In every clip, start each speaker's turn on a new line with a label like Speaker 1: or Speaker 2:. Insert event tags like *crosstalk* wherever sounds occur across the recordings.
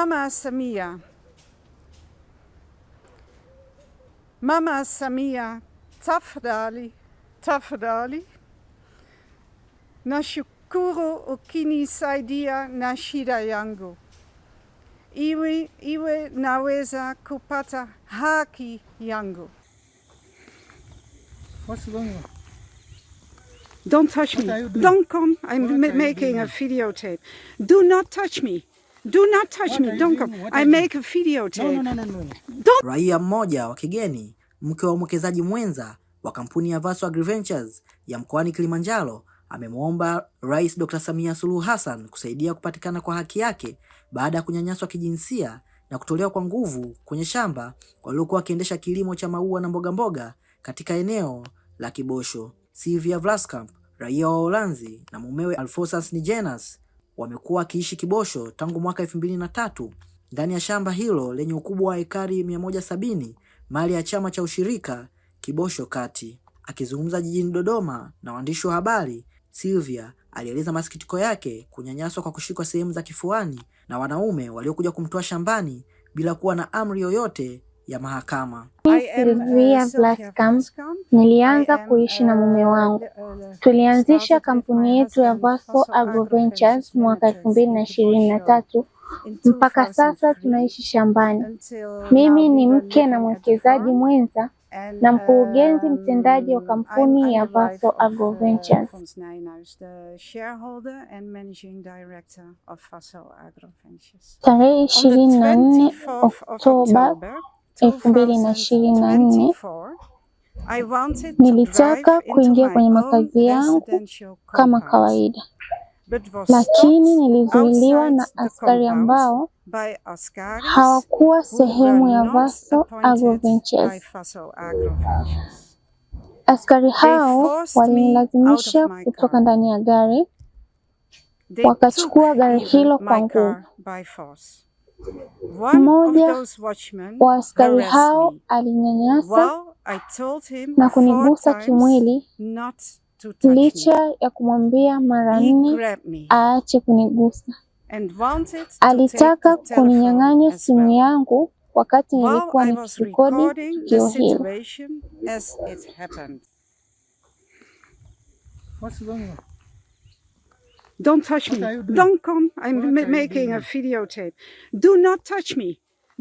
Speaker 1: Mama Samia, Mama Samia, tafadali, tafadali. nashukuru ukinisaidia na shida yangu iwe, iwe naweza kupata haki yangu What's on? Don't touch me. Don't come. I'm making a videotape. Do not touch me. Do not touch me. Don't go. I make a videotape. No, no, no, no,
Speaker 2: no. Raia mmoja wa kigeni mke wa mwekezaji mwenza wa kampuni ya Vaso Agriventures ya mkoani Kilimanjaro amemwomba Rais Dr. Samia Suluhu Hassan kusaidia kupatikana kwa haki yake baada ya kunyanyaswa kijinsia na kutolewa kwa nguvu kwenye shamba waliokuwa wakiendesha kilimo cha maua na mbogamboga mboga katika eneo la Kibosho. Sylvia Vlaskamp, raia wa Uholanzi na mumewe Alphonsus Nijenas wamekuwa wakiishi Kibosho tangu mwaka elfu mbili na tatu ndani ya shamba hilo lenye ukubwa wa ekari mia moja sabini mali ya chama cha ushirika Kibosho Kati. Akizungumza jijini Dodoma na waandishi wa habari, Sylvia alieleza masikitiko yake kunyanyaswa kwa kushikwa sehemu za kifuani na wanaume waliokuja kumtoa shambani bila kuwa na amri yoyote ya mahakama.
Speaker 3: Silvia uh, Vlascam, nilianza kuishi na uh, mume wangu. Uh, Tulianzisha kampuni yetu ya Vasco Agro Ventures mwaka elfu mbili na ishirini na tatu mpaka sasa tunaishi shambani. Mimi ni mke na mwekezaji mwenza na mkurugenzi um, mtendaji wa kampuni ya Vasco Agro Ventures. Tarehe ishirini na nne Oktoba elfu mbili na ishirini na nne nilitaka kuingia kwenye makazi yangu kama kawaida, lakini nilizuiliwa na askari ambao hawakuwa sehemu ya Vaso Agroventures. Askari hao walinilazimisha kutoka ndani ya gari, wakachukua gari hilo kwa nguvu. Mmoja wa askari hao alinyanyasa na kunigusa kimwili licha ya kumwambia mara nne aache kunigusa. Alitaka kuninyang'anya simu yangu wakati nilikuwa nikirekodi tukio hilo.
Speaker 1: Don't touch me. Do? Don't come. I'm ma making a videotape. Do not touch me.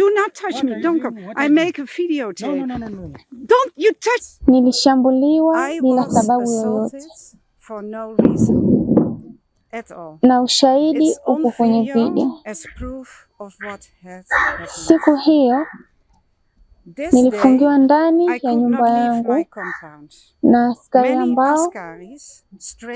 Speaker 1: Do not touch me. Don't come. I make a videotape. No, no, no, no, no. Don't you touch.
Speaker 3: Nilishambuliwa bila sababu yoyote. For no reason at all. Na ushahidi uko kwenye video. Siku hiyo Nilifungiwa ndani ya nyumba yangu na askari ambao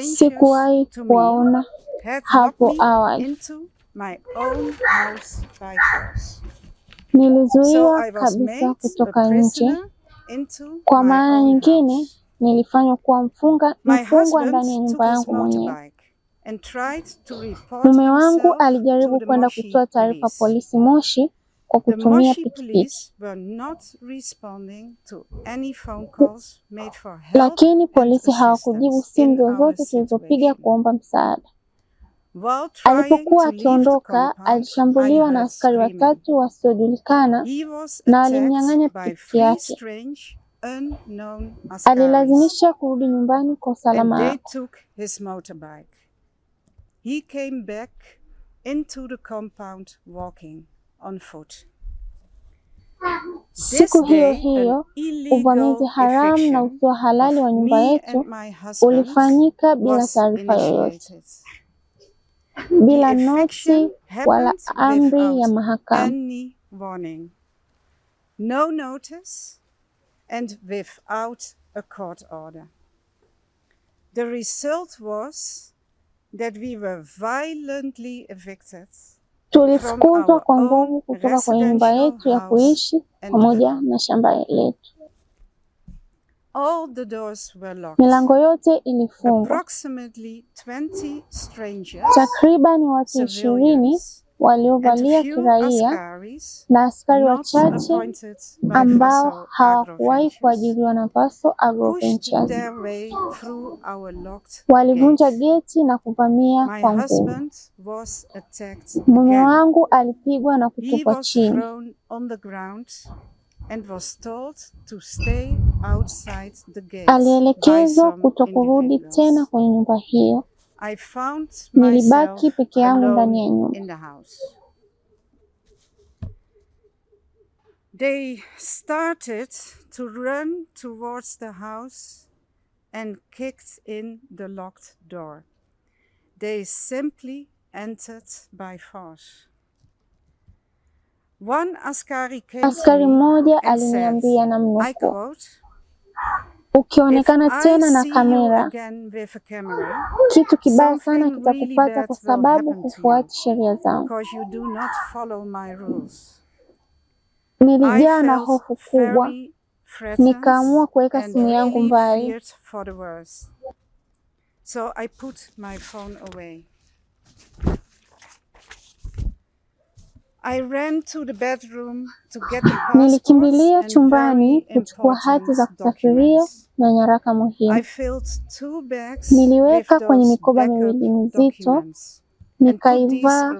Speaker 3: sikuwahi kuwaona hapo awali. Nilizuiwa kabisa kutoka nje. Kwa maana nyingine, nilifanywa kuwa mfunga mfungwa ndani ya nyumba yangu mwenyewe. Mume wangu alijaribu kwenda kutoa taarifa polisi Moshi kwa kutumia pikipiki. Lakini polisi hawakujibu simu zozote zilizopiga kuomba msaada. Alipokuwa akiondoka, alishambuliwa na askari watatu wasiojulikana na walimnyang'anya pikipiki yake. Alilazimisha kurudi nyumbani kwa usalama wake. into the compound walking. on foot. Siku hiyo hiyo uvamizi haramu na usio halali wa nyumba yetu ulifanyika bila taarifa yoyote, bila noti wala amri ya mahakama. No notice and without a court order. The result was that we were violently evicted. Tulifukuzwa kwa nguvu kutoka kwenye nyumba yetu ya kuishi pamoja na shamba letu. Milango yote ilifungwa. Takriban watu ishirini waliovalia kiraia na askari wachache ambao hawakuwahi kuajiriwa na Paso Agroventure. Walivunja geti na kuvamia kwa nguvu. Mume wangu alipigwa na kutupwa chini. Alielekezwa kutokurudi tena kwenye nyumba hiyo. Nilibaki peke yangu ndani ya nyumba. They started to run towards the house and kicked in the locked door. They simply entered by force. One askari came. Askari mmoja aliniambia Ukionekana tena na kamera, kitu kibaya sana kitakupata, kwa sababu hufuati sheria zangu. Nilijaa na hofu kubwa, nikaamua kuweka simu yangu mbali. So I put my phone away. *sighs* Nilikimbilia chumbani kuchukua hati za kusafiria na nyaraka muhimu. Niliweka kwenye mikoba miwili mizito, nikaivaa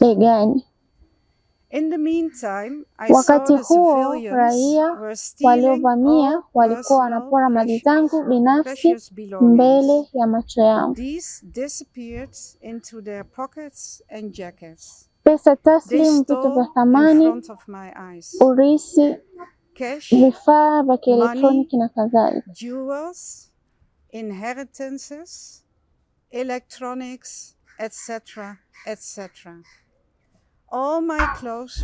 Speaker 3: begani. Wakati huo raia waliovamia walikuwa wanapora mali zangu binafsi mbele ya macho yangu pesa taslimu, vitu vya thamani, urisi, vifaa vya kielektroniki na kadhalika.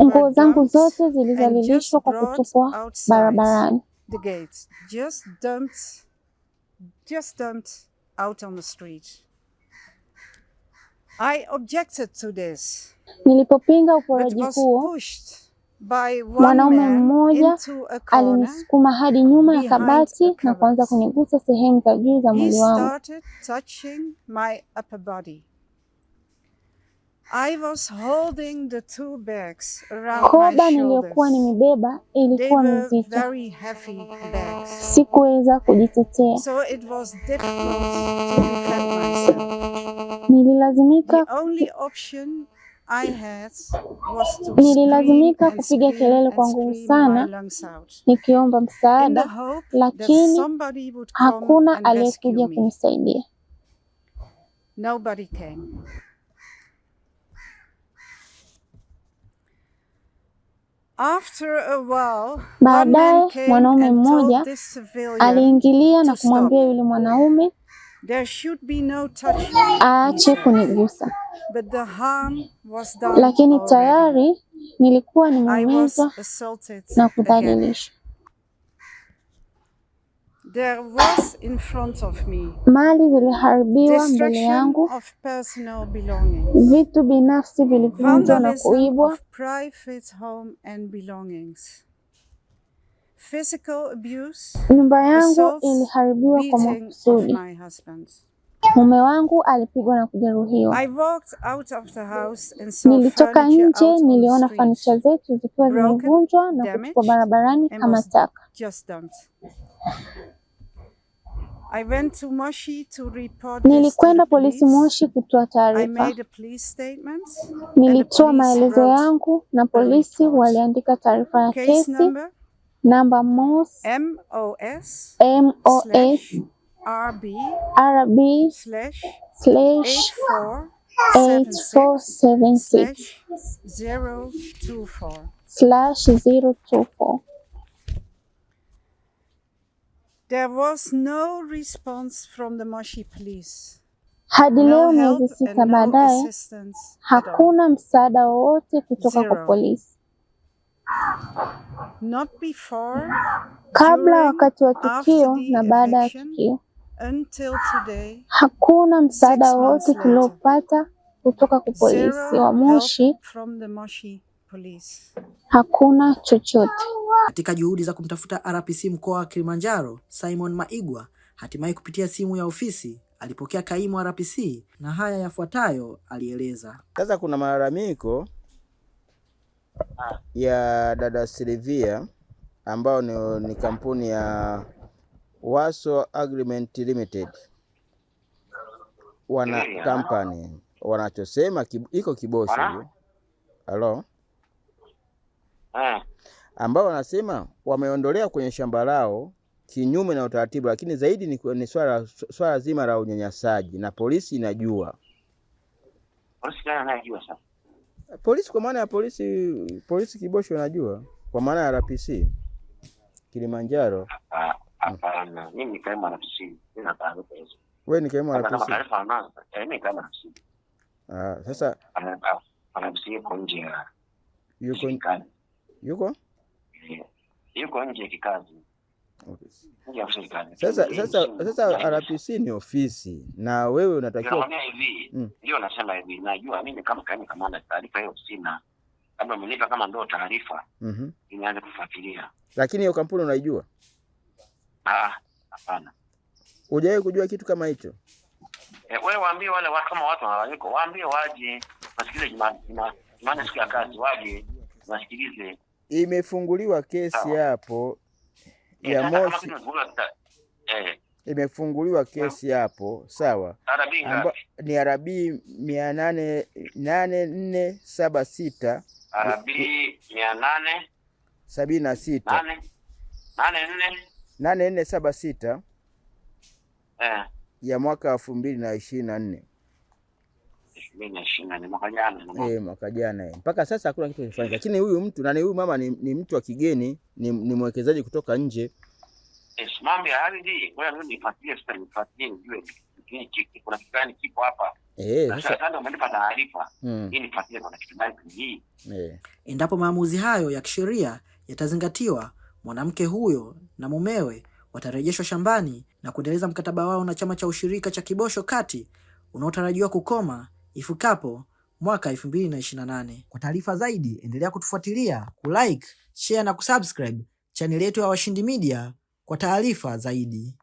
Speaker 3: nguo zangu zote zilizalilishwa kwa kutupwa barabarani. The gates just dumped, just dumped out on the street. I objected to this. Nilipopinga uporaji huo, mwanaume mmoja alinisukuma hadi nyuma ya kabati na kuanza kunigusa sehemu za juu za mwili wangu. Koba niliyokuwa nimebeba ilikuwa mizito, sikuweza kujitetea. So it was difficult to defend myself. Nililazimika nililazimika kupiga kelele kwa nguvu sana nikiomba msaada, lakini hakuna aliyekuja kunisaidia. Baadaye mwanaume mmoja aliingilia na kumwambia yule mwanaume There should be no touch. aache kunigusa. But the harm was done, lakini tayari nilikuwa nimeumizwa na kudhalilishwa. There was in front of me. Mali ziliharibiwa mbele yangu, vitu binafsi vilivunjwa na kuibwa, Vandalism of private home and belongings. Nyumba yangu iliharibiwa kwa makusudi. Mume wangu alipigwa na kujeruhiwa. Nilitoka nje, niliona fanicha zetu zikiwa zimevunjwa na kutupwa barabarani kama taka. Nilikwenda polisi Moshi kutoa taarifa. Nilitoa maelezo yangu na polisi waliandika taarifa ya kesi namba MOS MOS RB RB 8476/024. There was no response from the Moshi police. Hadi leo miezi sita baadaye, hakuna msaada wowote kutoka Zero. kwa polisi kabla, wakati wa tukio na baada ya tukio. Hakuna msaada wote tuliopata kutoka kwa polisi wa Moshi, hakuna chochote.
Speaker 2: Katika juhudi za kumtafuta RPC mkoa wa Kilimanjaro Simon Maigwa, hatimaye kupitia simu ya ofisi alipokea kaimu RPC na haya yafuatayo alieleza.
Speaker 4: Sasa kuna malalamiko Ah. ya dada Silvia ambayo ni, ni kampuni ya Waso Agreement Limited wana company wanachosema iko Kibosho hiyo halo, eh. ambao wanasema wameondolea kwenye shamba lao kinyume na utaratibu, lakini zaidi ni, ni swala, swala zima la unyanyasaji na polisi inajua,
Speaker 5: polisi inajua sasa
Speaker 4: Polisi kwa maana ya polisi, polisi Kibosho unajua, kwa maana ya RPC Kilimanjaro.
Speaker 5: Hapana, mimi kama RPC, sina
Speaker 4: Wewe ni kama RPC.
Speaker 5: Eh,
Speaker 4: ah, sasa ah,
Speaker 5: ah, RPC yuko nje yuko eh, yuko nje kikazi.
Speaker 4: Sasa sasa sasa yaani RPC ni ofisi na wewe unatakiwa
Speaker 5: hivi. Mm. Ndio Nasema hivi, najua mimi kama kama kamanda taarifa hiyo sina, labda umenipa kama ndio taarifa mm -hmm. Inaanza kufuatilia,
Speaker 4: lakini hiyo kampuni unaijua?
Speaker 5: Ah, hapana,
Speaker 4: hujawahi kujua kitu kama hicho
Speaker 5: e, wewe waambie wale watu kama watu wanalalamika, waambie waje wasikilize, Jumanne siku ya kazi waje wasikilize.
Speaker 4: Imefunguliwa kesi hapo ya Moshi eh. imefunguliwa kesi hapo, sawa Amba, ni arabii mia nane nane nne saba sita
Speaker 5: arabii mia nane
Speaker 4: sabini na sita nane nne saba sita eh. ya mwaka elfu mbili na ishirini na nne
Speaker 5: Eh,
Speaker 4: mwaka jana eh, mpaka sasa hakuna kitu kimefanyika. Lakini huyu mtu nani, huyu mama ni, ni mtu wa kigeni, ni, ni mwekezaji kutoka nje.
Speaker 5: Hmm. Eh.
Speaker 2: Endapo maamuzi hayo ya kisheria yatazingatiwa, mwanamke huyo na mumewe watarejeshwa shambani na kuendeleza mkataba wao na chama cha ushirika cha Kibosho Kati unaotarajiwa kukoma ifikapo mwaka 2028. Kwa taarifa zaidi, endelea kutufuatilia, kulike, share na kusubscribe chaneli yetu ya Washindi Media kwa taarifa zaidi.